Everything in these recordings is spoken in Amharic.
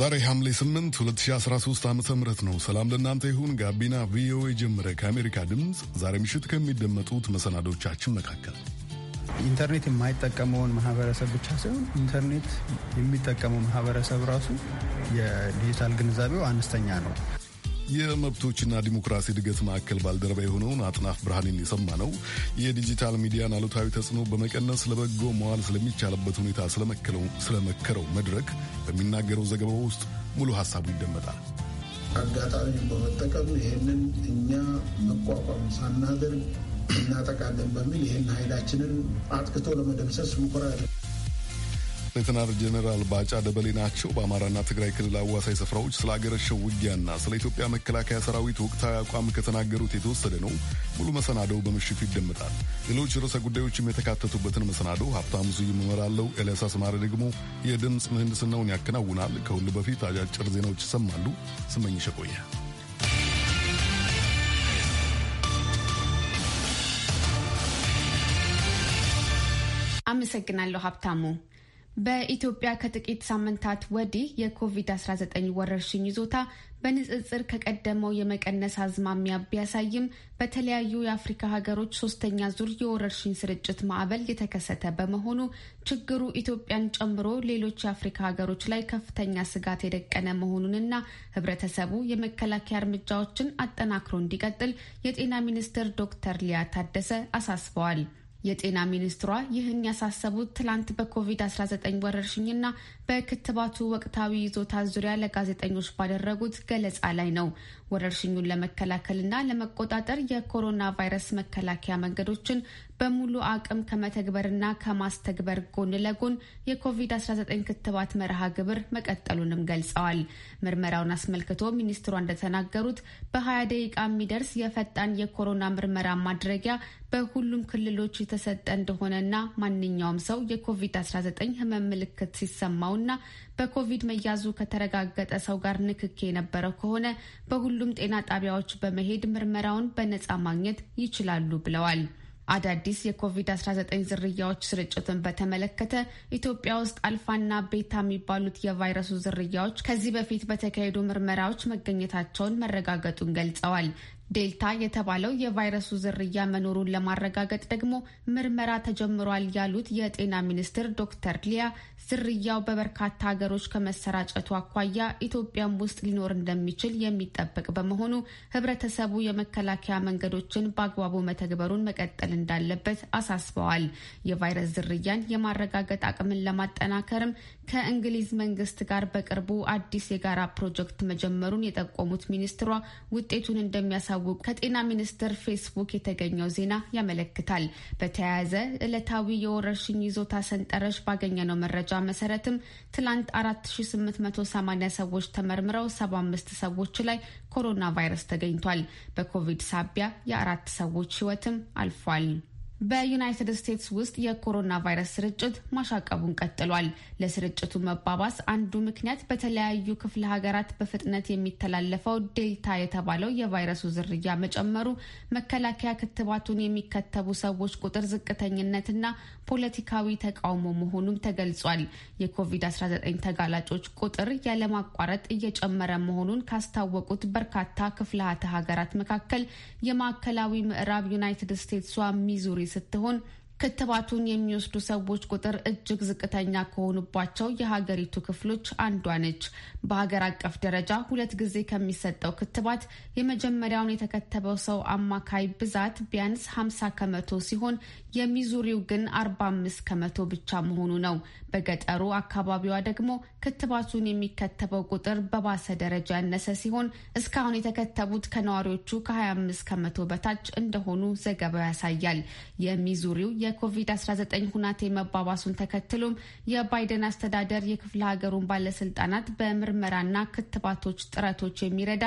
ዛሬ ሐምሌ 8 2013 ዓ ም ነው። ሰላም ለእናንተ ይሁን። ጋቢና ቪኦኤ ጀመረ። ከአሜሪካ ድምፅ ዛሬ ምሽት ከሚደመጡት መሰናዶቻችን መካከል ኢንተርኔት የማይጠቀመውን ማህበረሰብ ብቻ ሳይሆን ኢንተርኔት የሚጠቀመው ማህበረሰብ ራሱ የዲጂታል ግንዛቤው አነስተኛ ነው። የመብቶችና ዲሞክራሲ እድገት ማዕከል ባልደረባ የሆነውን አጥናፍ ብርሃን የሰማ ነው። የዲጂታል ሚዲያን አሉታዊ ተጽዕኖ በመቀነስ ለበጎ መዋል ስለሚቻልበት ሁኔታ ስለመከረው መድረክ በሚናገረው ዘገባ ውስጥ ሙሉ ሀሳቡ ይደመጣል። አጋጣሚ በመጠቀም ይህንን እኛ መቋቋም ሳናደርግ እናጠቃለን በሚል ይህን ኃይላችንን አጥቅቶ ለመደምሰስ ሙከራ ሌተናል ጄኔራል ባጫ ደበሌ ናቸው። በአማራና ትግራይ ክልል አዋሳኝ ስፍራዎች ስለ አገረሸው ውጊያና ስለ ኢትዮጵያ መከላከያ ሰራዊት ወቅታዊ አቋም ከተናገሩት የተወሰደ ነው። ሙሉ መሰናዶው በምሽቱ ይደመጣል። ሌሎች ርዕሰ ጉዳዮችም የተካተቱበትን መሰናዶ ሀብታሙ ስዩም እመራለሁ። ኤልያስ አስማሪ ደግሞ የድምፅ ምህንድስናውን ያከናውናል። ከሁሉ በፊት አጫጭር ዜናዎች ይሰማሉ። ስመኝ ሸቆየ አመሰግናለሁ ሀብታሙ። በኢትዮጵያ ከጥቂት ሳምንታት ወዲህ የኮቪድ-19 ወረርሽኝ ይዞታ በንጽጽር ከቀደመው የመቀነስ አዝማሚያ ቢያሳይም በተለያዩ የአፍሪካ ሀገሮች ሶስተኛ ዙር የወረርሽኝ ስርጭት ማዕበል የተከሰተ በመሆኑ ችግሩ ኢትዮጵያን ጨምሮ ሌሎች የአፍሪካ ሀገሮች ላይ ከፍተኛ ስጋት የደቀነ መሆኑንና ሕብረተሰቡ የመከላከያ እርምጃዎችን አጠናክሮ እንዲቀጥል የጤና ሚኒስትር ዶክተር ሊያ ታደሰ አሳስበዋል። የጤና ሚኒስትሯ ይህን ያሳሰቡት ትላንት በኮቪድ-19 ወረርሽኝና በክትባቱ ወቅታዊ ይዞታ ዙሪያ ለጋዜጠኞች ባደረጉት ገለጻ ላይ ነው። ወረርሽኙን ለመከላከልና ለመቆጣጠር የኮሮና ቫይረስ መከላከያ መንገዶችን በሙሉ አቅም ከመተግበርና ከማስተግበር ጎን ለጎን የኮቪድ-19 ክትባት መርሃ ግብር መቀጠሉንም ገልጸዋል። ምርመራውን አስመልክቶ ሚኒስትሯ እንደተናገሩት በ20 ደቂቃ የሚደርስ የፈጣን የኮሮና ምርመራ ማድረጊያ በሁሉም ክልሎች የተሰጠ እንደሆነና ማንኛውም ሰው የኮቪድ-19 ህመም ምልክት ሲሰማውና በኮቪድ መያዙ ከተረጋገጠ ሰው ጋር ንክክ የነበረው ከሆነ በሁሉም ጤና ጣቢያዎች በመሄድ ምርመራውን በነጻ ማግኘት ይችላሉ ብለዋል። አዳዲስ የኮቪድ-19 ዝርያዎች ስርጭትን በተመለከተ ኢትዮጵያ ውስጥ አልፋና ቤታ የሚባሉት የቫይረሱ ዝርያዎች ከዚህ በፊት በተካሄዱ ምርመራዎች መገኘታቸውን መረጋገጡን ገልጸዋል። ዴልታ የተባለው የቫይረሱ ዝርያ መኖሩን ለማረጋገጥ ደግሞ ምርመራ ተጀምሯል ያሉት የጤና ሚኒስትር ዶክተር ሊያ ዝርያው በበርካታ ሀገሮች ከመሰራጨቱ አኳያ ኢትዮጵያም ውስጥ ሊኖር እንደሚችል የሚጠበቅ በመሆኑ ህብረተሰቡ የመከላከያ መንገዶችን በአግባቡ መተግበሩን መቀጠል እንዳለበት አሳስበዋል። የቫይረስ ዝርያን የማረጋገጥ አቅምን ለማጠናከርም ከእንግሊዝ መንግስት ጋር በቅርቡ አዲስ የጋራ ፕሮጀክት መጀመሩን የጠቆሙት ሚኒስትሯ ውጤቱን እንደሚያሳውቅ ከጤና ሚኒስቴር ፌስቡክ የተገኘው ዜና ያመለክታል። በተያያዘ ዕለታዊ የወረርሽኝ ይዞታ ሰንጠረዥ ባገኘነው መረጃ መሰረትም ትላንት 4880 ሰዎች ተመርምረው 75 ሰዎች ላይ ኮሮና ቫይረስ ተገኝቷል። በኮቪድ ሳቢያ የአራት ሰዎች ህይወትም አልፏል። በዩናይትድ ስቴትስ ውስጥ የኮሮና ቫይረስ ስርጭት ማሻቀቡን ቀጥሏል። ለስርጭቱ መባባስ አንዱ ምክንያት በተለያዩ ክፍለ ሀገራት በፍጥነት የሚተላለፈው ዴልታ የተባለው የቫይረሱ ዝርያ መጨመሩ፣ መከላከያ ክትባቱን የሚከተቡ ሰዎች ቁጥር ዝቅተኝነትና ፖለቲካዊ ተቃውሞ መሆኑም ተገልጿል። የኮቪድ-19 ተጋላጮች ቁጥር ያለማቋረጥ እየጨመረ መሆኑን ካስታወቁት በርካታ ክፍለ ሀገራት መካከል የማዕከላዊ ምዕራብ ዩናይትድ ስቴትሷ ሚዙሪ ستهون ክትባቱን የሚወስዱ ሰዎች ቁጥር እጅግ ዝቅተኛ ከሆኑባቸው የሀገሪቱ ክፍሎች አንዷ ነች። በሀገር አቀፍ ደረጃ ሁለት ጊዜ ከሚሰጠው ክትባት የመጀመሪያውን የተከተበው ሰው አማካይ ብዛት ቢያንስ 50 ከመቶ ሲሆን የሚዙሪው ግን 45 ከመቶ ብቻ መሆኑ ነው። በገጠሩ አካባቢዋ ደግሞ ክትባቱን የሚከተበው ቁጥር በባሰ ደረጃ ያነሰ ሲሆን እስካሁን የተከተቡት ከነዋሪዎቹ ከ25 ከመቶ በታች እንደሆኑ ዘገባው ያሳያል። የሚዙሪው የኮቪድ-19 ሁናቴ መባባሱን ተከትሎም የባይደን አስተዳደር የክፍለ ሀገሩን ባለስልጣናት በምርመራና ክትባቶች ጥረቶች የሚረዳ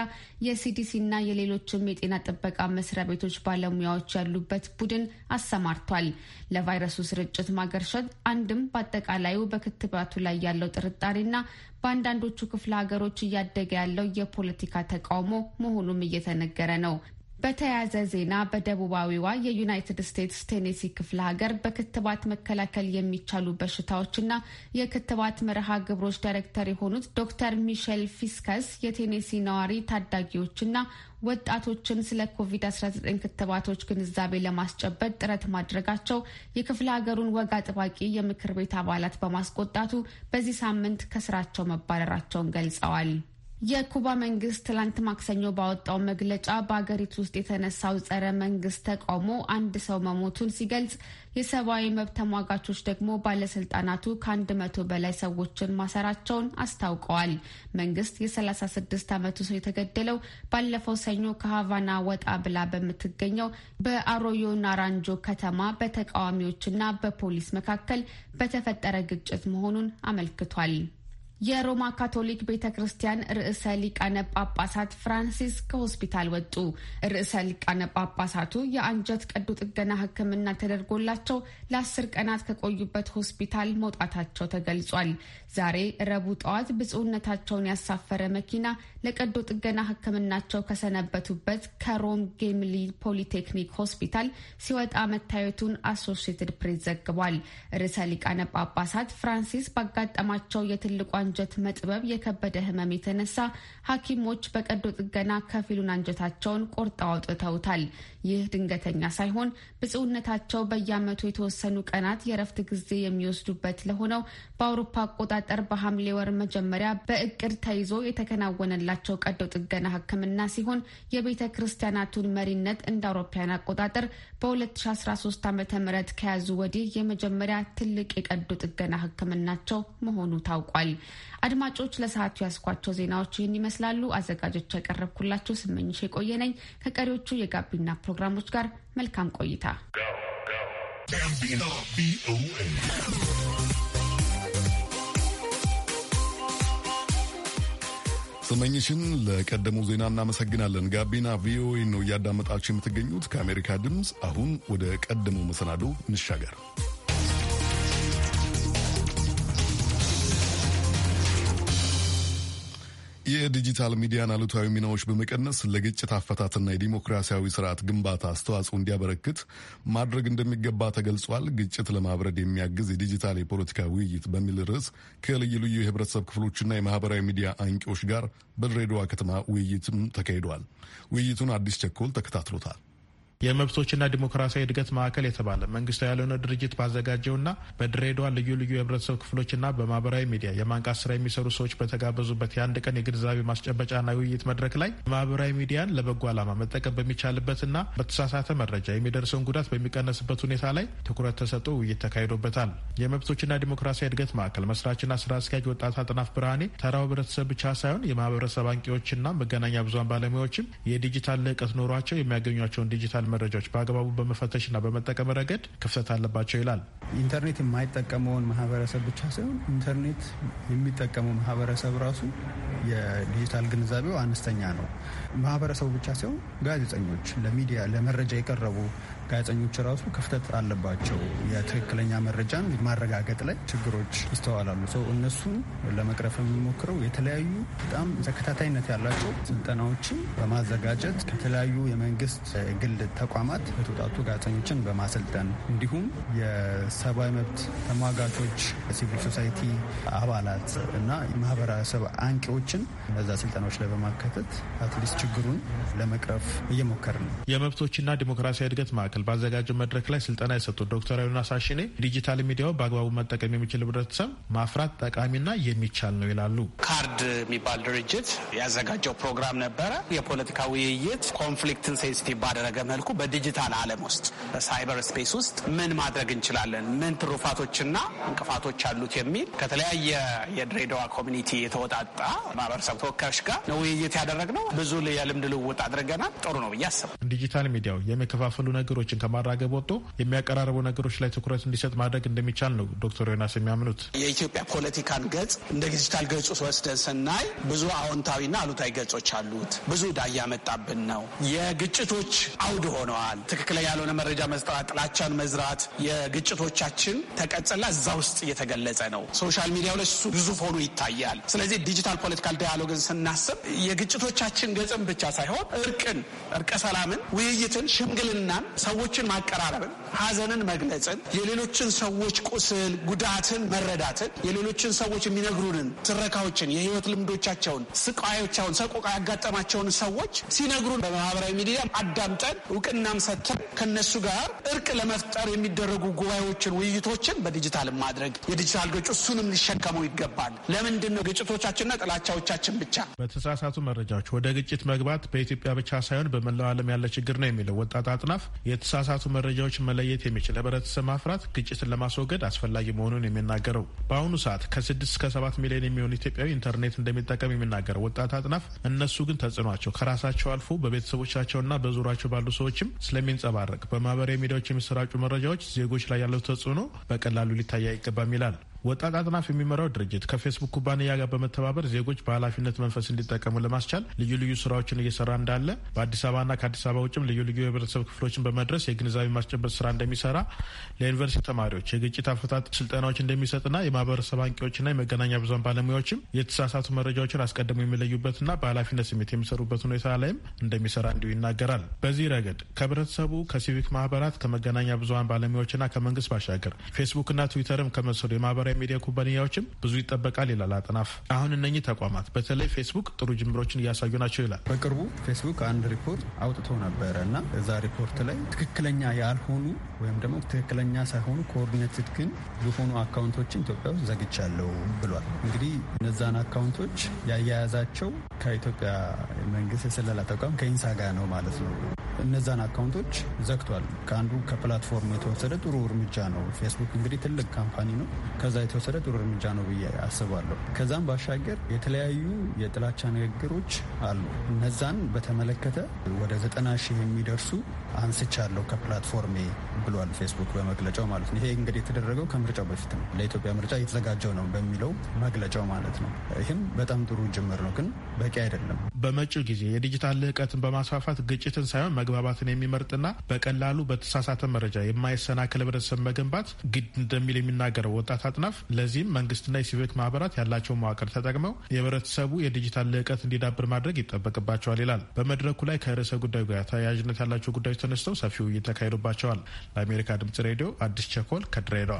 የሲዲሲና የሌሎችም የጤና ጥበቃ መስሪያ ቤቶች ባለሙያዎች ያሉበት ቡድን አሰማርቷል። ለቫይረሱ ስርጭት ማገርሸት አንድም በአጠቃላዩ በክትባቱ ላይ ያለው ጥርጣሬና በአንዳንዶቹ ክፍለ ሀገሮች እያደገ ያለው የፖለቲካ ተቃውሞ መሆኑም እየተነገረ ነው። በተያያዘ ዜና በደቡባዊዋ የዩናይትድ ስቴትስ ቴኔሲ ክፍለ ሀገር በክትባት መከላከል የሚቻሉ በሽታዎችና የክትባት መርሃ ግብሮች ዳይሬክተር የሆኑት ዶክተር ሚሼል ፊስከስ የቴኔሲ ነዋሪ ታዳጊዎችና ወጣቶችን ስለ ኮቪድ-19 ክትባቶች ግንዛቤ ለማስጨበጥ ጥረት ማድረጋቸው የክፍለ ሀገሩን ወግ አጥባቂ የምክር ቤት አባላት በማስቆጣቱ በዚህ ሳምንት ከስራቸው መባረራቸውን ገልጸዋል። የኩባ መንግስት ትላንት ማክሰኞ ባወጣው መግለጫ በአገሪቱ ውስጥ የተነሳው ጸረ መንግስት ተቃውሞ አንድ ሰው መሞቱን ሲገልጽ የሰብአዊ መብት ተሟጋቾች ደግሞ ባለስልጣናቱ ከአንድ መቶ በላይ ሰዎችን ማሰራቸውን አስታውቀዋል። መንግስት የ36 ዓመቱ ሰው የተገደለው ባለፈው ሰኞ ከሀቫና ወጣ ብላ በምትገኘው በአሮዮ ናራንጆ ከተማ በተቃዋሚዎችና በፖሊስ መካከል በተፈጠረ ግጭት መሆኑን አመልክቷል። የሮማ ካቶሊክ ቤተ ክርስቲያን ርዕሰ ሊቃነ ጳጳሳት ፍራንሲስ ከሆስፒታል ወጡ። ርዕሰ ሊቃነ ጳጳሳቱ የአንጀት ቀዶ ጥገና ሕክምና ተደርጎላቸው ለአስር ቀናት ከቆዩበት ሆስፒታል መውጣታቸው ተገልጿል። ዛሬ ረቡዕ ጠዋት ብፁዕነታቸውን ያሳፈረ መኪና ለቀዶ ጥገና ሕክምናቸው ከሰነበቱበት ከሮም ጌምሊ ፖሊቴክኒክ ሆስፒታል ሲወጣ መታየቱን አሶሺየትድ ፕሬስ ዘግቧል። ርዕሰ ሊቃነ ጳጳሳት ፍራንሲስ ባጋጠማቸው የትልቋን አንጀት መጥበብ የከበደ ህመም የተነሳ ሐኪሞች በቀዶ ጥገና ከፊሉን አንጀታቸውን ቆርጠው አውጥተውታል። ይህ ድንገተኛ ሳይሆን ብፁዕነታቸው በየዓመቱ የተወሰኑ ቀናት የረፍት ጊዜ የሚወስዱበት ለሆነው በአውሮፓ አቆጣጠር በሐምሌ ወር መጀመሪያ በእቅድ ተይዞ የተከናወነላቸው ቀዶ ጥገና ሕክምና ሲሆን የቤተ ክርስቲያናቱን መሪነት እንደ አውሮፓውያን አቆጣጠር በ2013 ዓ ም ከያዙ ወዲህ የመጀመሪያ ትልቅ የቀዶ ጥገና ሕክምናቸው መሆኑ ታውቋል። አድማጮች ለሰዓቱ ያስኳቸው ዜናዎች ይህን ይመስላሉ። አዘጋጆች ያቀረብኩላቸው ስመኝሽ የቆየ ነኝ። ከቀሪዎቹ የጋቢና ፕሮግራሞች ጋር መልካም ቆይታ። ስመኝሽን ለቀደሙ ዜና እናመሰግናለን። ጋቢና ቪኦኤ ነው እያዳመጣችሁ የምትገኙት ከአሜሪካ ድምፅ። አሁን ወደ ቀደመው መሰናዶ እንሻገር። የዲጂታል ሚዲያን አሉታዊ ሚናዎች በመቀነስ ለግጭት አፈታትና የዲሞክራሲያዊ ስርዓት ግንባታ አስተዋጽኦ እንዲያበረክት ማድረግ እንደሚገባ ተገልጿል። ግጭት ለማብረድ የሚያግዝ የዲጂታል የፖለቲካ ውይይት በሚል ርዕስ ከልዩ ልዩ የህብረተሰብ ክፍሎችና የማህበራዊ ሚዲያ አንቂዎች ጋር በድሬዳዋ ከተማ ውይይትም ተካሂዷል። ውይይቱን አዲስ ቸኮል ተከታትሎታል። የመብቶችና ዲሞክራሲያዊ እድገት ማዕከል የተባለ መንግስታዊ ያልሆነ ድርጅት ባዘጋጀውና በድሬዳዋ ልዩ ልዩ የህብረተሰብ ክፍሎችና በማህበራዊ ሚዲያ የማንቃት ስራ የሚሰሩ ሰዎች በተጋበዙበት የአንድ ቀን የግንዛቤ ማስጨበጫና ውይይት መድረክ ላይ ማህበራዊ ሚዲያን ለበጎ ዓላማ መጠቀም በሚቻልበትና በተሳሳተ መረጃ የሚደርሰውን ጉዳት በሚቀነስበት ሁኔታ ላይ ትኩረት ተሰጥቶ ውይይት ተካሂዶበታል። የመብቶችና ዲሞክራሲያዊ እድገት ማዕከል መስራችና ስራ አስኪያጅ ወጣት አጥናፍ ብርሃኔ ተራው ህብረተሰብ ብቻ ሳይሆን የማህበረሰብ አንቂዎችና መገናኛ ብዙሃን ባለሙያዎችም የዲጂታል ልዕቀት ኖሯቸው የሚያገኟቸውን ዲጂታል መረጃዎች በአግባቡ በመፈተሽና በመጠቀም ረገድ ክፍተት አለባቸው ይላል። ኢንተርኔት የማይጠቀመውን ማህበረሰብ ብቻ ሳይሆን ኢንተርኔት የሚጠቀመው ማህበረሰብ ራሱ የዲጂታል ግንዛቤው አነስተኛ ነው። ማህበረሰቡ ብቻ ሳይሆን ጋዜጠኞች፣ ለሚዲያ ለመረጃ የቀረቡ ጋዜጠኞች ራሱ ክፍተት አለባቸው። የትክክለኛ መረጃን ማረጋገጥ ላይ ችግሮች ይስተዋላሉ። ሰው እነሱን ለመቅረፍ የሚሞክረው የተለያዩ በጣም ተከታታይነት ያላቸው ስልጠናዎችን በማዘጋጀት ከተለያዩ የመንግስት ግል ተቋማት የተውጣጡ ጋዜጠኞችን በማሰልጠን እንዲሁም የሰብአዊ መብት ተሟጋቾች፣ ሲቪል ሶሳይቲ አባላት እና ማህበረሰብ አንቂዎችን እነዛ ስልጠናዎች ላይ በማካተት አትሊስት ችግሩን ለመቅረፍ እየሞከር ነው። የመብቶችና ዲሞክራሲያዊ እድገት ማ ማዕከል ባዘጋጀው መድረክ ላይ ስልጠና የሰጡት ዶክተር ዮናስ ሳሽኔ ዲጂታል ሚዲያው በአግባቡ መጠቀም የሚችል ህብረተሰብ ማፍራት ጠቃሚና የሚቻል ነው ይላሉ። ካርድ የሚባል ድርጅት ያዘጋጀው ፕሮግራም ነበረ። የፖለቲካ ውይይት ኮንፍሊክትን ሴንሲቲቭ ባደረገ መልኩ በዲጂታል ዓለም ውስጥ በሳይበር ስፔስ ውስጥ ምን ማድረግ እንችላለን፣ ምን ትሩፋቶችና እንቅፋቶች አሉት የሚል ከተለያየ የድሬዳዋ ኮሚኒቲ የተወጣጣ ማህበረሰብ ተወካዮች ጋር ነው ውይይት ያደረግነው። ብዙ የልምድ ልውውጥ አድርገናል። ጥሩ ነው ብዬ አስባለሁ። ዲጂታል ሚዲያው የመከፋፈሉ ነገሮች ግጭቶችን ከማራገብ ወጥቶ የሚያቀራርቡ ነገሮች ላይ ትኩረት እንዲሰጥ ማድረግ እንደሚቻል ነው ዶክተር ዮናስ የሚያምኑት። የኢትዮጵያ ፖለቲካን ገጽ እንደ ዲጂታል ገጹ ወስደን ስናይ ብዙ አዎንታዊና አሉታዊ ገጾች አሉት። ብዙ ዕዳ እያመጣብን ነው። የግጭቶች አውድ ሆነዋል። ትክክለኛ ያልሆነ መረጃ መስጠት፣ ጥላቻን መዝራት የግጭቶቻችን ተቀጽላ እዛ ውስጥ እየተገለጸ ነው። ሶሻል ሚዲያው ላይ እሱ ግዙፍ ሆኖ ይታያል። ስለዚህ ዲጂታል ፖለቲካል ዳያሎግን ስናስብ የግጭቶቻችን ገጽን ብቻ ሳይሆን እርቅን፣ እርቀ ሰላምን፣ ውይይትን፣ ሽምግልናን ሰዎችን ማቀራረብን፣ ሀዘንን መግለጽን፣ የሌሎችን ሰዎች ቁስል ጉዳትን መረዳትን፣ የሌሎችን ሰዎች የሚነግሩንን ትረካዎችን፣ የህይወት ልምዶቻቸውን፣ ስቃዮቻቸውን፣ ሰቆቃ ያጋጠማቸውን ሰዎች ሲነግሩን በማህበራዊ ሚዲያ አዳምጠን እውቅናም ሰጥተን ከነሱ ጋር እርቅ ለመፍጠር የሚደረጉ ጉባኤዎችን፣ ውይይቶችን በዲጂታል ማድረግ የዲጂታል ገጭ እሱንም ሊሸከመው ይገባል። ለምንድን ነው ግጭቶቻችንና ጥላቻዎቻችን ብቻ በተሳሳቱ መረጃዎች ወደ ግጭት መግባት በኢትዮጵያ ብቻ ሳይሆን በመላው ዓለም ያለ ችግር ነው የሚለው ወጣት አጥናፍ የተሳሳቱ መረጃዎች መለየት የሚችል ህብረተሰብ ማፍራት ግጭትን ለማስወገድ አስፈላጊ መሆኑን የሚናገረው በአሁኑ ሰዓት ከስድስት እስከ ሰባት ሚሊዮን የሚሆኑ ኢትዮጵያዊ ኢንተርኔት እንደሚጠቀም የሚናገረው ወጣት አጥናፍ እነሱ ግን ተጽዕኗቸው ከራሳቸው አልፎ በቤተሰቦቻቸውና በዙሪያቸው ባሉ ሰዎችም ስለሚንጸባረቅ በማህበራዊ ሚዲያዎች የሚሰራጩ መረጃዎች ዜጎች ላይ ያለው ተጽዕኖ በቀላሉ ሊታይ አይገባም ይላል። ወጣት አጥናፍ የሚመራው ድርጅት ከፌስቡክ ኩባንያ ጋር በመተባበር ዜጎች በኃላፊነት መንፈስ እንዲጠቀሙ ለማስቻል ልዩ ልዩ ስራዎችን እየሰራ እንዳለ በአዲስ አበባና ከአዲስ አበባ ውጭም ልዩ ልዩ የህብረተሰብ ክፍሎችን በመድረስ የግንዛቤ ማስጨበጥ ስራ እንደሚሰራ ለዩኒቨርሲቲ ተማሪዎች የግጭት አፈታት ስልጠናዎች እንደሚሰጥና የማህበረሰብ አንቂዎችና የመገናኛ ብዙሃን ባለሙያዎችም የተሳሳቱ መረጃዎችን አስቀድሞ የሚለዩበትና በኃላፊነት ስሜት የሚሰሩበት ሁኔታ ላይም እንደሚሰራ እንዲሁ ይናገራል። በዚህ ረገድ ከህብረተሰቡ፣ ከሲቪክ ማህበራት፣ ከመገናኛ ብዙሀን ባለሙያዎችና ከመንግስት ባሻገር ፌስቡክና ትዊተርም ከመሰሉ የማህበራዊ ከማህበራዊ ሚዲያ ኩባንያዎችም ብዙ ይጠበቃል ይላል አጥናፍ። አሁን እነኚህ ተቋማት በተለይ ፌስቡክ ጥሩ ጅምሮችን እያሳዩ ናቸው ይላል። በቅርቡ ፌስቡክ አንድ ሪፖርት አውጥቶ ነበረ እና እዛ ሪፖርት ላይ ትክክለኛ ያልሆኑ ወይም ደግሞ ትክክለኛ ሳይሆኑ ኮኦርዲኔትድ ግን የሆኑ አካውንቶችን ኢትዮጵያ ውስጥ ዘግቻለሁ ብሏል። እንግዲህ እነዛን አካውንቶች ያያያዛቸው ከኢትዮጵያ መንግስት የስለላ ተቋም ከኢንሳ ጋር ነው ማለት ነው። እነዛን አካውንቶች ዘግቷል። ከአንዱ ከፕላትፎርም የተወሰደ ጥሩ እርምጃ ነው። ፌስቡክ እንግዲህ ትልቅ ካምፓኒ ነው። ከዛ የተወሰደ ጥሩ እርምጃ ነው ብዬ አስባለሁ። ከዛም ባሻገር የተለያዩ የጥላቻ ንግግሮች አሉ። እነዛን በተመለከተ ወደ ዘጠና ሺህ የሚደርሱ አንስቻለሁ ከፕላትፎርሜ ብሏል ፌስቡክ በመግለጫው ማለት ነው። ይሄ እንግዲህ የተደረገው ከምርጫው በፊት ነው። ለኢትዮጵያ ምርጫ እየተዘጋጀው ነው በሚለው መግለጫው ማለት ነው። ይህም በጣም ጥሩ ጅምር ነው፣ ግን በቂ አይደለም። በመጪው ጊዜ የዲጂታል ልህቀትን በማስፋፋት ግጭትን ሳይሆን መግባባትን የሚመርጥና በቀላሉ በተሳሳተ መረጃ የማይሰናክል ህብረተሰብ መገንባት ግድ እንደሚል የሚናገረው ወጣት አጥናፍ ድጋፍ። ለዚህም መንግስትና የሲቪክ ማህበራት ያላቸው መዋቅር ተጠቅመው የህብረተሰቡ የዲጂታል ልዕቀት እንዲዳብር ማድረግ ይጠበቅባቸዋል ይላል። በመድረኩ ላይ ከርዕሰ ጉዳዩ ጋር ተያያዥነት ያላቸው ጉዳዮች ተነስተው ሰፊ ውይይት ተካሂዶባቸዋል። ለአሜሪካ ድምጽ ሬዲዮ አዲስ ቸኮል ከድሬዳዋ።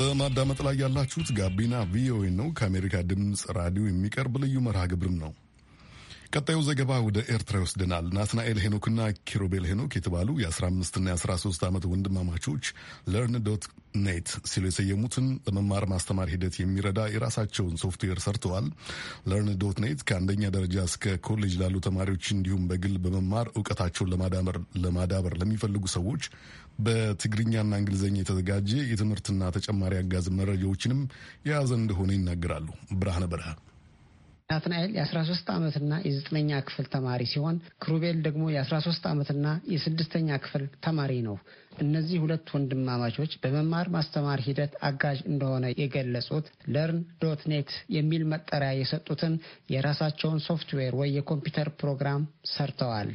በማዳመጥ ላይ ያላችሁት ጋቢና ቪኦኤ ነው። ከአሜሪካ ድምፅ ራዲዮ የሚቀርብ ልዩ መርሃ ግብርም ነው። ቀጣዩ ዘገባ ወደ ኤርትራ ይወስደናል። ናትናኤል ሄኖክና ኪሩቤል ሄኖክ የተባሉ የ15ና የ13 ዓመት ወንድማማቾች ለርን ዶት ኔት ሲሉ የሰየሙትን በመማር ማስተማር ሂደት የሚረዳ የራሳቸውን ሶፍትዌር ሰርተዋል። ለርን ዶት ኔት ከአንደኛ ደረጃ እስከ ኮሌጅ ላሉ ተማሪዎች እንዲሁም በግል በመማር እውቀታቸውን ለማዳበር ለሚፈልጉ ሰዎች በትግርኛና እንግሊዝኛ የተዘጋጀ የትምህርትና ተጨማሪ አጋዝ መረጃዎችንም የያዘ እንደሆነ ይናገራሉ። ብርሃነ በረሃ ናትናኤል የ13 ዓመትና የዘጠነኛ ክፍል ተማሪ ሲሆን ክሩቤል ደግሞ የ13 ዓመትና የስድስተኛ ክፍል ተማሪ ነው። እነዚህ ሁለት ወንድማማቾች በመማር ማስተማር ሂደት አጋዥ እንደሆነ የገለጹት ለርን ዶት ኔት የሚል መጠሪያ የሰጡትን የራሳቸውን ሶፍትዌር ወይ የኮምፒውተር ፕሮግራም ሰርተዋል።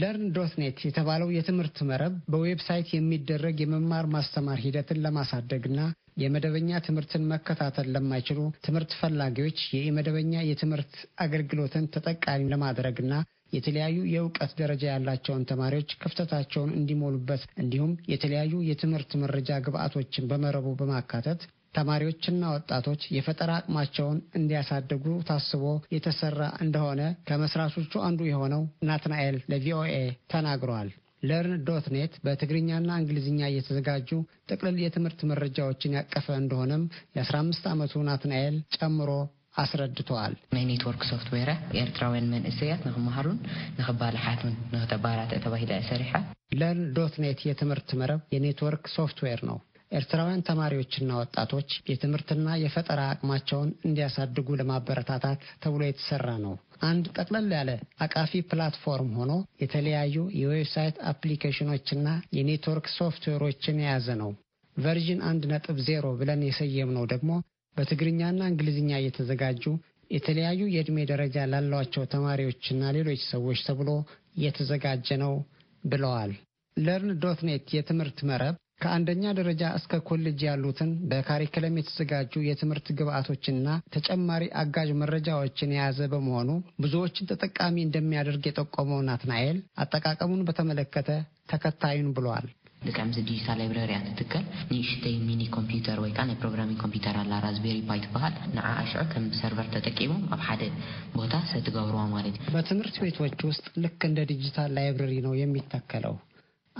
ለርን ዶትኔት የተባለው የትምህርት መረብ በዌብሳይት የሚደረግ የመማር ማስተማር ሂደትን ለማሳደግና የመደበኛ ትምህርትን መከታተል ለማይችሉ ትምህርት ፈላጊዎች የመደበኛ የትምህርት አገልግሎትን ተጠቃሚ ለማድረግና የተለያዩ የእውቀት ደረጃ ያላቸውን ተማሪዎች ክፍተታቸውን እንዲሞሉበት እንዲሁም የተለያዩ የትምህርት መረጃ ግብዓቶችን በመረቡ በማካተት ተማሪዎችና ወጣቶች የፈጠራ አቅማቸውን እንዲያሳድጉ ታስቦ የተሰራ እንደሆነ ከመስራቾቹ አንዱ የሆነው ናትናኤል ለቪኦኤ ተናግረዋል። ለርን ዶት ኔት በትግርኛና እንግሊዝኛ እየተዘጋጁ ጥቅልል የትምህርት መረጃዎችን ያቀፈ እንደሆነም የ15 ዓመቱ ናትናኤል ጨምሮ አስረድተዋል። ናይ ኔትወርክ ሶፍትዌረ ኤርትራውያን መንእሰያት ንክመሃሩን ንክባልሓቱን ንክተባራት ተባሂለ ሰሪሓ ለርን ዶት ኔት የትምህርት መረብ የኔትወርክ ሶፍትዌር ነው ኤርትራውያን ተማሪዎችና ወጣቶች የትምህርትና የፈጠራ አቅማቸውን እንዲያሳድጉ ለማበረታታት ተብሎ የተሰራ ነው። አንድ ጠቅለል ያለ አቃፊ ፕላትፎርም ሆኖ የተለያዩ የዌብሳይት አፕሊኬሽኖችና የኔትወርክ ሶፍትዌሮችን የያዘ ነው። ቨርዥን አንድ ነጥብ ዜሮ ብለን የሰየም ነው ደግሞ በትግርኛና እንግሊዝኛ እየተዘጋጁ የተለያዩ የዕድሜ ደረጃ ላሏቸው ተማሪዎችና ሌሎች ሰዎች ተብሎ እየተዘጋጀ ነው ብለዋል። ለርን ዶትኔት የትምህርት መረብ ከአንደኛ ደረጃ እስከ ኮሌጅ ያሉትን በካሪክለም የተዘጋጁ የትምህርት ግብዓቶችና ተጨማሪ አጋዥ መረጃዎችን የያዘ በመሆኑ ብዙዎችን ተጠቃሚ እንደሚያደርግ የጠቆመው ናትናኤል አጠቃቀሙን በተመለከተ ተከታዩን ብለዋል። ድቀምዚ ዲጂታል ላይብረሪ ኣትትከል ንእሽተይ ሚኒ ኮምፒውተር ወይ ከዓ ናይ ፕሮግራሚንግ ኮምፒውተር ኣላ ራዝቤሪ ፓይ ትበሃል ንዓ ኣሽዑ ከም ሰርቨር ተጠቂሞም ኣብ ሓደ ቦታ ሰትገብርዋ ማለት እዩ። በትምህርት ቤቶች ውስጥ ልክ እንደ ዲጂታል ላይብረሪ ነው የሚተከለው።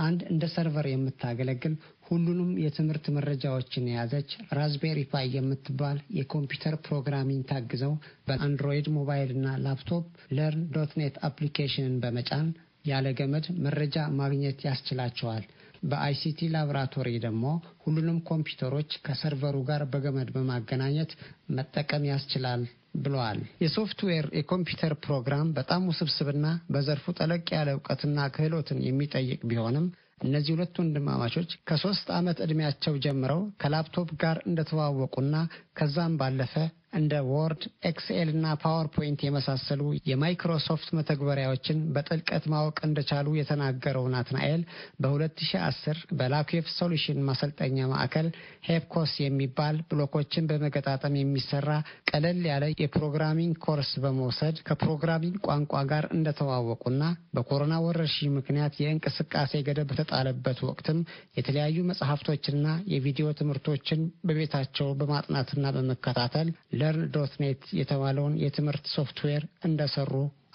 አንድ እንደ ሰርቨር የምታገለግል ሁሉንም የትምህርት መረጃዎችን የያዘች ራዝቤሪ ፓይ የምትባል የኮምፒውተር ፕሮግራሚንግ ታግዘው በአንድሮይድ ሞባይልና ላፕቶፕ ለርን ዶት ኔት አፕሊኬሽንን በመጫን ያለ ገመድ መረጃ ማግኘት ያስችላቸዋል። በአይሲቲ ላቦራቶሪ ደግሞ ሁሉንም ኮምፒውተሮች ከሰርቨሩ ጋር በገመድ በማገናኘት መጠቀም ያስችላል። ብለዋል። የሶፍትዌር የኮምፒውተር ፕሮግራም በጣም ውስብስብና በዘርፉ ጠለቅ ያለ እውቀትና ክህሎትን የሚጠይቅ ቢሆንም እነዚህ ሁለት ወንድማማቾች ከሶስት ዓመት ዕድሜያቸው ጀምረው ከላፕቶፕ ጋር እንደተዋወቁና ከዛም ባለፈ እንደ ዎርድ፣ ኤክስኤል እና ፓወርፖይንት የመሳሰሉ የማይክሮሶፍት መተግበሪያዎችን በጥልቀት ማወቅ እንደቻሉ የተናገረው ናትናኤል በ2010 በላኩፍ ሶሉሽን ማሰልጠኛ ማዕከል ሄፕኮስ የሚባል ብሎኮችን በመገጣጠም የሚሰራ ቀለል ያለ የፕሮግራሚንግ ኮርስ በመውሰድ ከፕሮግራሚንግ ቋንቋ ጋር እንደተዋወቁና በኮሮና ወረርሽኝ ምክንያት የእንቅስቃሴ ገደብ በተጣለበት ወቅትም የተለያዩ መጽሐፍቶችና የቪዲዮ ትምህርቶችን በቤታቸው በማጥናት በማጥናትና በመከታተል ለርን ዶትኔት የተባለውን የትምህርት ሶፍትዌር እንደሰሩ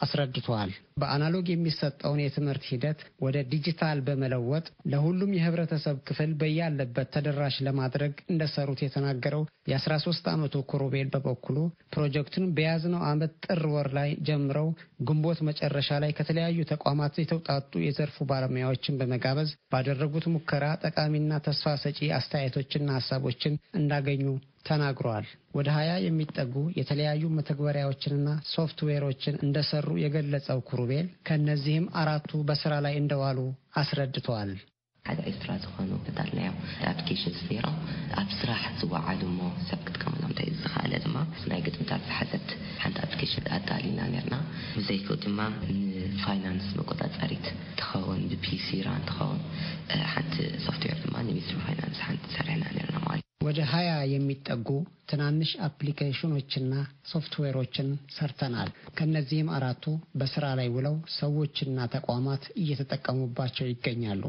አስረድተዋል። በአናሎግ የሚሰጠውን የትምህርት ሂደት ወደ ዲጂታል በመለወጥ ለሁሉም የህብረተሰብ ክፍል በያለበት ተደራሽ ለማድረግ እንደሰሩት የተናገረው የ13 ዓመቱ ኩሩቤል በበኩሉ ፕሮጀክቱን በያዝነው ዓመት ጥር ወር ላይ ጀምረው ግንቦት መጨረሻ ላይ ከተለያዩ ተቋማት የተውጣጡ የዘርፉ ባለሙያዎችን በመጋበዝ ባደረጉት ሙከራ ጠቃሚና ተስፋ ሰጪ አስተያየቶችና ሀሳቦችን እንዳገኙ ተናግረዋል። ወደ ሀያ የሚጠጉ የተለያዩ መተግበሪያዎችንና ሶፍትዌሮችን እንደሰሩ የገለጸው ኩሩቤል ከእነዚህም አራቱ በስራ ላይ እንደዋሉ አስረድተዋል። هذا إسراد خانو بدر ليو أب كيش السيرة أب سراح سوا علمو سبقت كامل متى ما دما سنايقت حدت حسبت حنت أب كيش أدالينا نيرنا مزيكو دما فاينانس مقطع تاريت تخون ببي سيران تخون آه، حنت سوفتوير نبي سر فاينانس حنت سرعنا نيرنا مالي ወደ ሀያ የሚጠጉ ትናንሽ አፕሊኬሽኖችና ሶፍትዌሮችን ሰርተናል። ከእነዚህም አራቱ በስራ ላይ ውለው ሰዎችና ተቋማት እየተጠቀሙባቸው ይገኛሉ።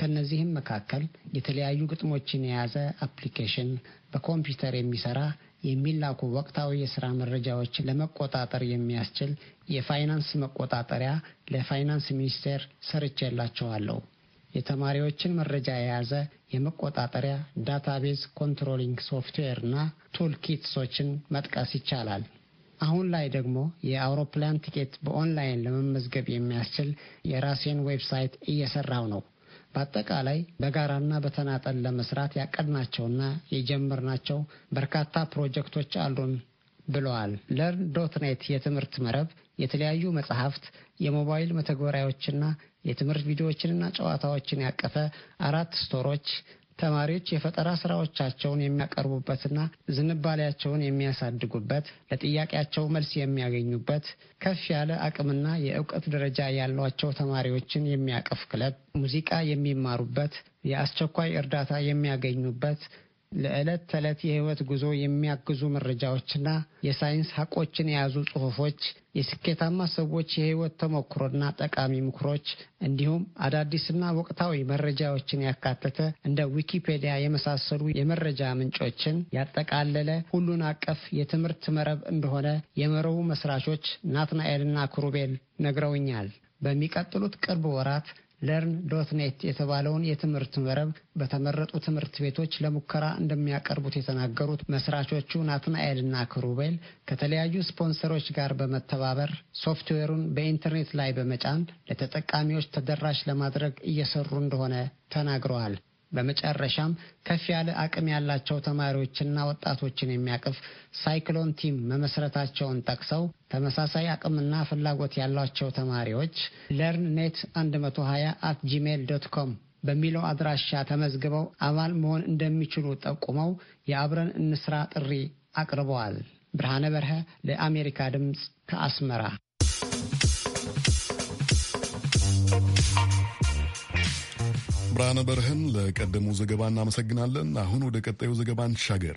ከእነዚህም መካከል የተለያዩ ግጥሞችን የያዘ አፕሊኬሽን፣ በኮምፒውተር የሚሰራ የሚላኩ ወቅታዊ የስራ መረጃዎች ለመቆጣጠር የሚያስችል የፋይናንስ መቆጣጠሪያ ለፋይናንስ ሚኒስቴር ሰርቼላቸዋለሁ። የተማሪዎችን መረጃ የያዘ የመቆጣጠሪያ ዳታቤዝ ኮንትሮሊንግ ሶፍትዌር እና ቱልኪትሶችን መጥቀስ ይቻላል። አሁን ላይ ደግሞ የአውሮፕላን ቲኬት በኦንላይን ለመመዝገብ የሚያስችል የራሴን ዌብሳይት እየሰራው ነው። በአጠቃላይ በጋራና በተናጠል ለመስራት ያቀድናቸውና የጀመርናቸው በርካታ ፕሮጀክቶች አሉን ብለዋል። ለርን ዶት የትምህርት መረብ የተለያዩ መጽሐፍት የሞባይል መተግበሪያዎችና የትምህርት ቪዲዮዎችንና ጨዋታዎችን ያቀፈ አራት ስቶሮች ተማሪዎች የፈጠራ ስራዎቻቸውን የሚያቀርቡበትና ዝንባሌያቸውን የሚያሳድጉበት፣ ለጥያቄያቸው መልስ የሚያገኙበት፣ ከፍ ያለ አቅምና የእውቀት ደረጃ ያሏቸው ተማሪዎችን የሚያቀፍ ክለብ፣ ሙዚቃ የሚማሩበት፣ የአስቸኳይ እርዳታ የሚያገኙበት ለዕለት ተዕለት የህይወት ጉዞ የሚያግዙ መረጃዎችና የሳይንስ ሀቆችን የያዙ ጽሁፎች የስኬታማ ሰዎች የህይወት ተሞክሮና ጠቃሚ ምክሮች እንዲሁም አዳዲስና ወቅታዊ መረጃዎችን ያካተተ እንደ ዊኪፔዲያ የመሳሰሉ የመረጃ ምንጮችን ያጠቃለለ ሁሉን አቀፍ የትምህርት መረብ እንደሆነ የመረቡ መስራቾች ናትናኤልና ክሩቤል ነግረውኛል። በሚቀጥሉት ቅርብ ወራት ለርን ዶት ኔት የተባለውን የትምህርት መረብ በተመረጡ ትምህርት ቤቶች ለሙከራ እንደሚያቀርቡት የተናገሩት መስራቾቹ ናትናኤልና ክሩቤል ከተለያዩ ስፖንሰሮች ጋር በመተባበር ሶፍትዌሩን በኢንተርኔት ላይ በመጫን ለተጠቃሚዎች ተደራሽ ለማድረግ እየሰሩ እንደሆነ ተናግረዋል። በመጨረሻም ከፍ ያለ አቅም ያላቸው ተማሪዎችና ወጣቶችን የሚያቅፍ ሳይክሎን ቲም መመስረታቸውን ጠቅሰው ተመሳሳይ አቅምና ፍላጎት ያሏቸው ተማሪዎች ለርን ኔት 120 አት ጂሜል ዶት ኮም በሚለው አድራሻ ተመዝግበው አባል መሆን እንደሚችሉ ጠቁመው የአብረን እንስራ ጥሪ አቅርበዋል። ብርሃነ በርሀ ለአሜሪካ ድምፅ ከአስመራ ብርሃነ በርህን ለቀደመው ዘገባ እናመሰግናለን። አሁን ወደ ቀጣዩ ዘገባ እንሻገር።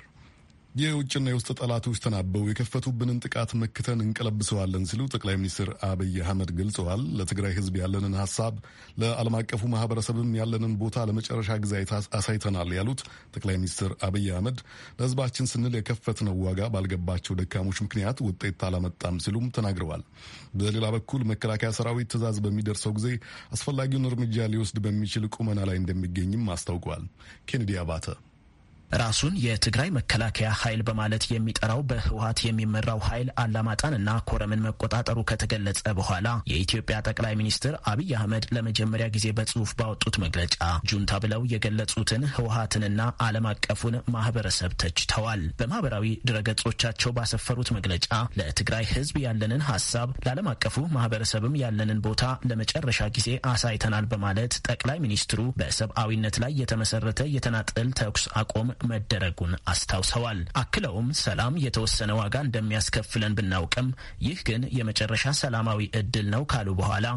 የውጭና የውስጥ ጠላቶች ተናበው የከፈቱብንን ጥቃት መክተን እንቀለብሰዋለን ሲሉ ጠቅላይ ሚኒስትር አብይ አህመድ ገልጸዋል። ለትግራይ ሕዝብ ያለንን ሀሳብ ለዓለም አቀፉ ማህበረሰብም ያለንን ቦታ ለመጨረሻ ጊዜ አሳይተናል ያሉት ጠቅላይ ሚኒስትር አብይ አህመድ ለሕዝባችን ስንል የከፈትነው ዋጋ ባልገባቸው ደካሞች ምክንያት ውጤት አላመጣም ሲሉም ተናግረዋል። በሌላ በኩል መከላከያ ሰራዊት ትዕዛዝ በሚደርሰው ጊዜ አስፈላጊውን እርምጃ ሊወስድ በሚችል ቁመና ላይ እንደሚገኝም አስታውቀዋል። ኬኔዲ አባተ ራሱን የትግራይ መከላከያ ኃይል በማለት የሚጠራው በህወሀት የሚመራው ኃይል አላማጣንና ኮረምን መቆጣጠሩ ከተገለጸ በኋላ የኢትዮጵያ ጠቅላይ ሚኒስትር አብይ አህመድ ለመጀመሪያ ጊዜ በጽሁፍ ባወጡት መግለጫ ጁንታ ብለው የገለጹትን ህወሀትንና ዓለም አቀፉን ማህበረሰብ ተችተዋል። በማህበራዊ ድረገጾቻቸው ባሰፈሩት መግለጫ ለትግራይ ህዝብ ያለንን ሀሳብ ለዓለም አቀፉ ማህበረሰብም ያለንን ቦታ ለመጨረሻ ጊዜ አሳይተናል በማለት ጠቅላይ ሚኒስትሩ በሰብአዊነት ላይ የተመሰረተ የተናጠል ተኩስ አቆም መደረጉን አስታውሰዋል። አክለውም ሰላም የተወሰነ ዋጋ እንደሚያስከፍለን ብናውቅም ይህ ግን የመጨረሻ ሰላማዊ እድል ነው ካሉ በኋላ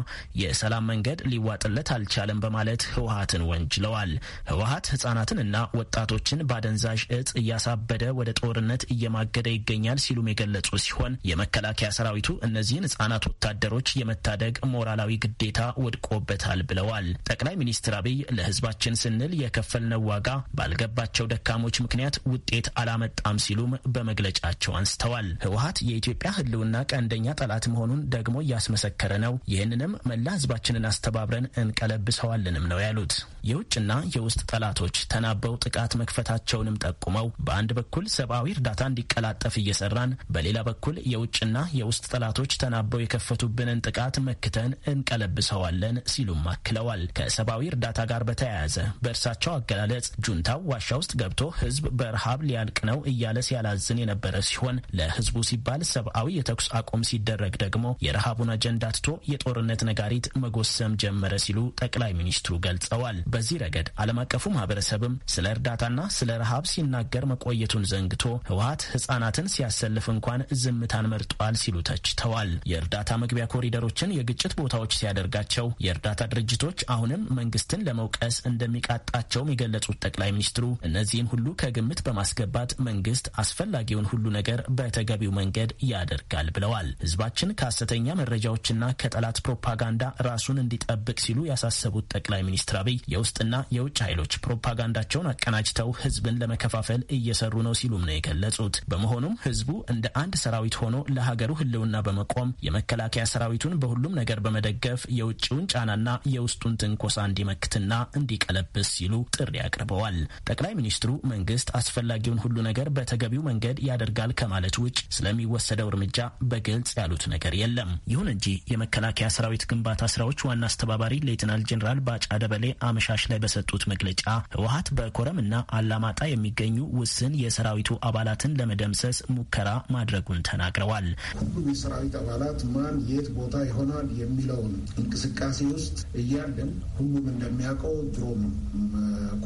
የሰላም መንገድ ሊዋጥለት አልቻለም በማለት ህወሀትን ወንጅለዋል። ህወሀት ህጻናትንና ወጣቶችን በአደንዛዥ እጽ እያሳበደ ወደ ጦርነት እየማገደ ይገኛል ሲሉም የገለጹ ሲሆን የመከላከያ ሰራዊቱ እነዚህን ህጻናት ወታደሮች የመታደግ ሞራላዊ ግዴታ ወድቆበታል ብለዋል። ጠቅላይ ሚኒስትር አብይ ለህዝባችን ስንል የከፈልነው ዋጋ ባልገባቸው ደካ ድካሞች ምክንያት ውጤት አላመጣም ሲሉም በመግለጫቸው አንስተዋል። ህወሀት የኢትዮጵያ ህልውና ቀንደኛ ጠላት መሆኑን ደግሞ እያስመሰከረ ነው። ይህንንም መላ ህዝባችንን አስተባብረን እንቀለብሰዋለንም ነው ያሉት። የውጭና የውስጥ ጠላቶች ተናበው ጥቃት መክፈታቸውንም ጠቁመው በአንድ በኩል ሰብአዊ እርዳታ እንዲቀላጠፍ እየሰራን፣ በሌላ በኩል የውጭና የውስጥ ጠላቶች ተናበው የከፈቱብንን ጥቃት መክተን እንቀለብሰዋለን ሲሉም አክለዋል። ከሰብአዊ እርዳታ ጋር በተያያዘ በእርሳቸው አገላለጽ ጁንታው ዋሻ ውስጥ ገብቶ መቶ ህዝብ በረሃብ ሊያልቅ ነው እያለ ሲያላዝን የነበረ ሲሆን ለህዝቡ ሲባል ሰብአዊ የተኩስ አቁም ሲደረግ ደግሞ የረሃቡን አጀንዳ ትቶ የጦርነት ነጋሪት መጎሰም ጀመረ ሲሉ ጠቅላይ ሚኒስትሩ ገልጸዋል። በዚህ ረገድ ዓለም አቀፉ ማህበረሰብም ስለ እርዳታና ስለ ረሃብ ሲናገር መቆየቱን ዘንግቶ ህወሀት ህጻናትን ሲያሰልፍ እንኳን ዝምታን መርጧል ሲሉ ተችተዋል። የእርዳታ መግቢያ ኮሪደሮችን የግጭት ቦታዎች ሲያደርጋቸው የእርዳታ ድርጅቶች አሁንም መንግስትን ለመውቀስ እንደሚቃጣቸውም የገለጹት ጠቅላይ ሚኒስትሩ እነዚህም ሁሉ ከግምት በማስገባት መንግስት አስፈላጊውን ሁሉ ነገር በተገቢው መንገድ ያደርጋል ብለዋል። ህዝባችን ከሐሰተኛ መረጃዎችና ከጠላት ፕሮፓጋንዳ ራሱን እንዲጠብቅ ሲሉ ያሳሰቡት ጠቅላይ ሚኒስትር አብይ የውስጥና የውጭ ኃይሎች ፕሮፓጋንዳቸውን አቀናጅተው ህዝብን ለመከፋፈል እየሰሩ ነው ሲሉም ነው የገለጹት። በመሆኑም ህዝቡ እንደ አንድ ሰራዊት ሆኖ ለሀገሩ ህልውና በመቆም የመከላከያ ሰራዊቱን በሁሉም ነገር በመደገፍ የውጭውን ጫናና የውስጡን ትንኮሳ እንዲመክትና እንዲቀለብስ ሲሉ ጥሪ አቅርበዋል። ጠቅላይ ሚኒስትሩ መንግስት አስፈላጊውን ሁሉ ነገር በተገቢው መንገድ ያደርጋል ከማለት ውጭ ስለሚወሰደው እርምጃ በግልጽ ያሉት ነገር የለም። ይሁን እንጂ የመከላከያ ሰራዊት ግንባታ ስራዎች ዋና አስተባባሪ ሌትናል ጀኔራል ባጫ ደበሌ አመሻሽ ላይ በሰጡት መግለጫ ህወሀት በኮረምና አላማጣ የሚገኙ ውስን የሰራዊቱ አባላትን ለመደምሰስ ሙከራ ማድረጉን ተናግረዋል። ሁሉም የሰራዊት አባላት ማን የት ቦታ ይሆናል የሚለውን እንቅስቃሴ ውስጥ እያለን ሁሉም እንደሚያውቀው ድሮም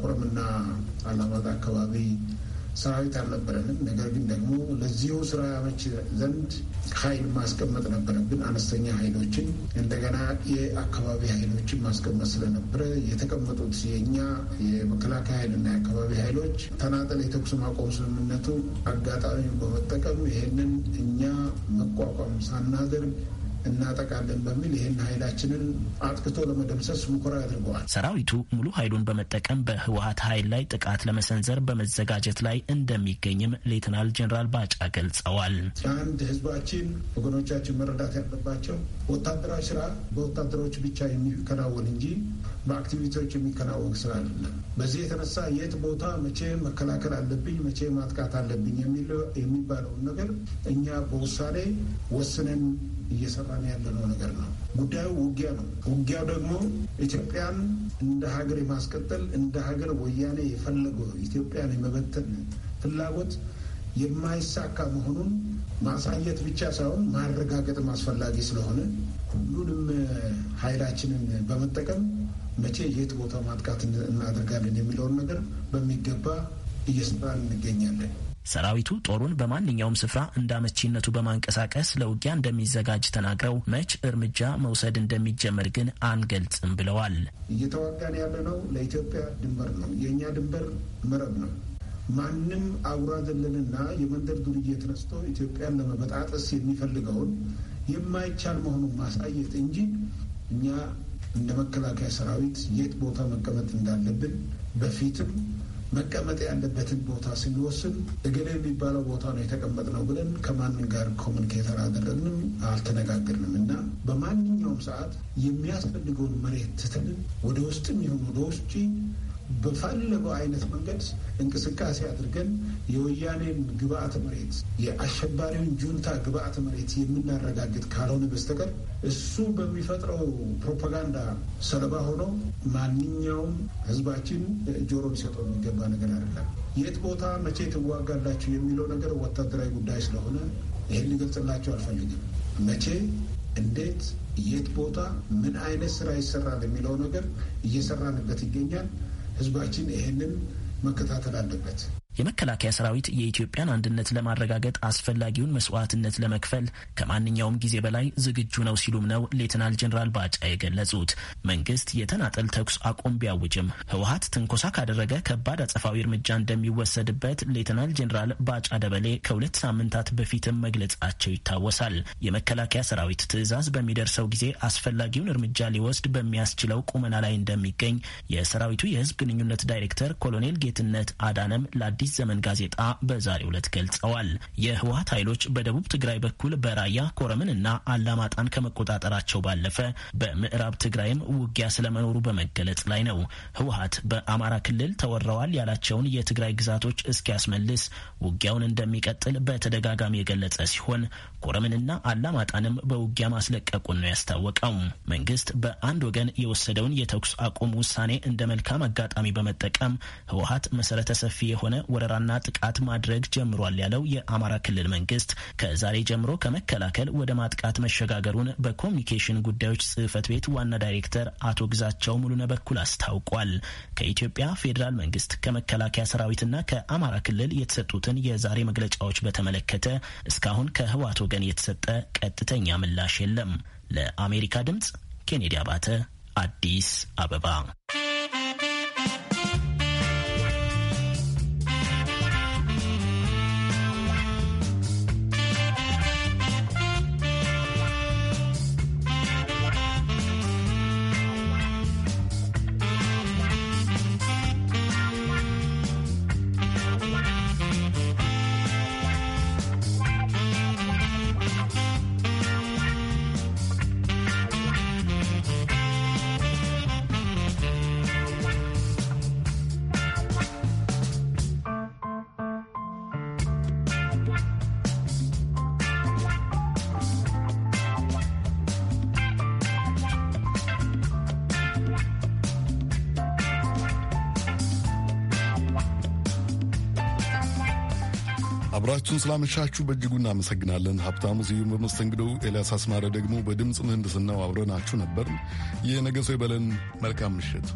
ኮረምና አላማጣ አካባቢ ሰራዊት አልነበረንም። ነገር ግን ደግሞ ለዚሁ ስራ ያመች ዘንድ ኃይል ማስቀመጥ ነበረብን። አነስተኛ ኃይሎችን እንደገና የአካባቢ ኃይሎችን ማስቀመጥ ስለነበረ የተቀመጡት የእኛ የመከላከያ ኃይልና የአካባቢ ኃይሎች ተናጠል የተኩስ ማቆም ስምምነቱ አጋጣሚ በመጠቀም ይህንን እኛ መቋቋም ሳናደርግ እናጠቃለን በሚል ይህን ኃይላችንን አጥቅቶ ለመደምሰስ ሙከራ አድርገዋል። ሰራዊቱ ሙሉ ኃይሉን በመጠቀም በህወሀት ኃይል ላይ ጥቃት ለመሰንዘር በመዘጋጀት ላይ እንደሚገኝም ሌትናል ጀኔራል ባጫ ገልጸዋል። አንድ ህዝባችን ወገኖቻችን መረዳት ያለባቸው ወታደራዊ ስራ በወታደሮች ብቻ የሚከናወን እንጂ በአክቲቪቲዎች የሚከናወን ስራ አይደለም። በዚህ የተነሳ የት ቦታ መቼ መከላከል አለብኝ፣ መቼ ማጥቃት አለብኝ የሚባለውን ነገር እኛ በውሳኔ ወስነን እየሰራን ያለነው ነገር ነው። ጉዳዩ ውጊያ ነው። ውጊያው ደግሞ ኢትዮጵያን እንደ ሀገር የማስቀጠል እንደ ሀገር ወያኔ የፈለገው ኢትዮጵያን የመበተን ፍላጎት የማይሳካ መሆኑን ማሳየት ብቻ ሳይሆን ማረጋገጥም አስፈላጊ ስለሆነ ሁሉንም ኃይላችንን በመጠቀም መቼ የት ቦታ ማጥቃት እናደርጋለን የሚለውን ነገር በሚገባ እየሰራን እንገኛለን። ሰራዊቱ ጦሩን በማንኛውም ስፍራ እንዳመቺነቱ በማንቀሳቀስ ለውጊያ እንደሚዘጋጅ ተናግረው መች እርምጃ መውሰድ እንደሚጀመር ግን አንገልጽም ብለዋል። እየተዋጋን ያለነው ለኢትዮጵያ ድንበር ነው። የእኛ ድንበር መረብ ነው። ማንም አውራ ዘለንና የመንደር ዱርዬ ተነስቶ ኢትዮጵያን ለመበጣጠስ የሚፈልገውን የማይቻል መሆኑን ማሳየት እንጂ እኛ እንደ መከላከያ ሰራዊት የት ቦታ መቀመጥ እንዳለብን በፊትም መቀመጥ ያለበትን ቦታ ስንወስን እገሌ የሚባለው ቦታ ነው የተቀመጥነው ብለን ከማንም ጋር ኮሚኒኬተር አደረግንም አልተነጋገርንም እና በማንኛውም ሰዓት የሚያስፈልገውን መሬት ትተን ወደ ውስጥም ይሁን ወደ ውጭ በፈለገው አይነት መንገድ እንቅስቃሴ አድርገን የወያኔን ግብአት መሬት የአሸባሪውን ጁንታ ግብአት መሬት የምናረጋግጥ ካልሆነ በስተቀር እሱ በሚፈጥረው ፕሮፓጋንዳ ሰለባ ሆኖ ማንኛውም ህዝባችን ጆሮ ሊሰጠው የሚገባ ነገር አይደለም። የት ቦታ መቼ ትዋጋላችሁ የሚለው ነገር ወታደራዊ ጉዳይ ስለሆነ ይህን ሊገልጽላቸው አልፈልግም። መቼ፣ እንዴት፣ የት ቦታ ምን አይነት ስራ ይሰራል የሚለው ነገር እየሰራንበት ይገኛል። ህዝባችን ይሄንን መከታተል አለበት። የመከላከያ ሰራዊት የኢትዮጵያን አንድነት ለማረጋገጥ አስፈላጊውን መስዋዕትነት ለመክፈል ከማንኛውም ጊዜ በላይ ዝግጁ ነው ሲሉም ነው ሌትናል ጀኔራል ባጫ የገለጹት። መንግስት የተናጠል ተኩስ አቁም ቢያውጅም ህወሀት ትንኮሳ ካደረገ ከባድ አጸፋዊ እርምጃ እንደሚወሰድበት ሌትናል ጀኔራል ባጫ ደበሌ ከሁለት ሳምንታት በፊትም መግለጻቸው ይታወሳል። የመከላከያ ሰራዊት ትዕዛዝ በሚደርሰው ጊዜ አስፈላጊውን እርምጃ ሊወስድ በሚያስችለው ቁመና ላይ እንደሚገኝ የሰራዊቱ የህዝብ ግንኙነት ዳይሬክተር ኮሎኔል ጌትነት አዳነም ለአዲስ አዲስ ዘመን ጋዜጣ በዛሬው ዕለት ገልጸዋል። የህወሀት ኃይሎች በደቡብ ትግራይ በኩል በራያ ኮረምንና አላማጣን ከመቆጣጠራቸው ባለፈ በምዕራብ ትግራይም ውጊያ ስለመኖሩ በመገለጽ ላይ ነው። ህወሀት በአማራ ክልል ተወረዋል ያላቸውን የትግራይ ግዛቶች እስኪያስመልስ ውጊያውን እንደሚቀጥል በተደጋጋሚ የገለጸ ሲሆን ኮረምንና አላማጣንም በውጊያ ማስለቀቁን ነው ያስታወቀው። መንግስት በአንድ ወገን የወሰደውን የተኩስ አቁም ውሳኔ እንደ መልካም አጋጣሚ በመጠቀም ህወሀት መሰረተ ሰፊ የሆነ ወረራና ጥቃት ማድረግ ጀምሯል ያለው የአማራ ክልል መንግስት ከዛሬ ጀምሮ ከመከላከል ወደ ማጥቃት መሸጋገሩን በኮሚኒኬሽን ጉዳዮች ጽህፈት ቤት ዋና ዳይሬክተር አቶ ግዛቸው ሙሉነ በኩል አስታውቋል። ከኢትዮጵያ ፌዴራል መንግስት ከመከላከያ ሰራዊትና ከአማራ ክልል የተሰጡትን የዛሬ መግለጫዎች በተመለከተ እስካሁን ከህወሓት ወገን የተሰጠ ቀጥተኛ ምላሽ የለም። ለአሜሪካ ድምጽ ኬኔዲ አባተ አዲስ አበባ አብራችሁን ስላመሻችሁ በእጅጉ እናመሰግናለን። ሀብታሙ ስዩም በመስተንግዶው፣ ኤልያስ አስማረ ደግሞ በድምፅ ምህንድስናው አብረናችሁ ነበር። የነገ ሰው ይበለን። መልካም ምሽት።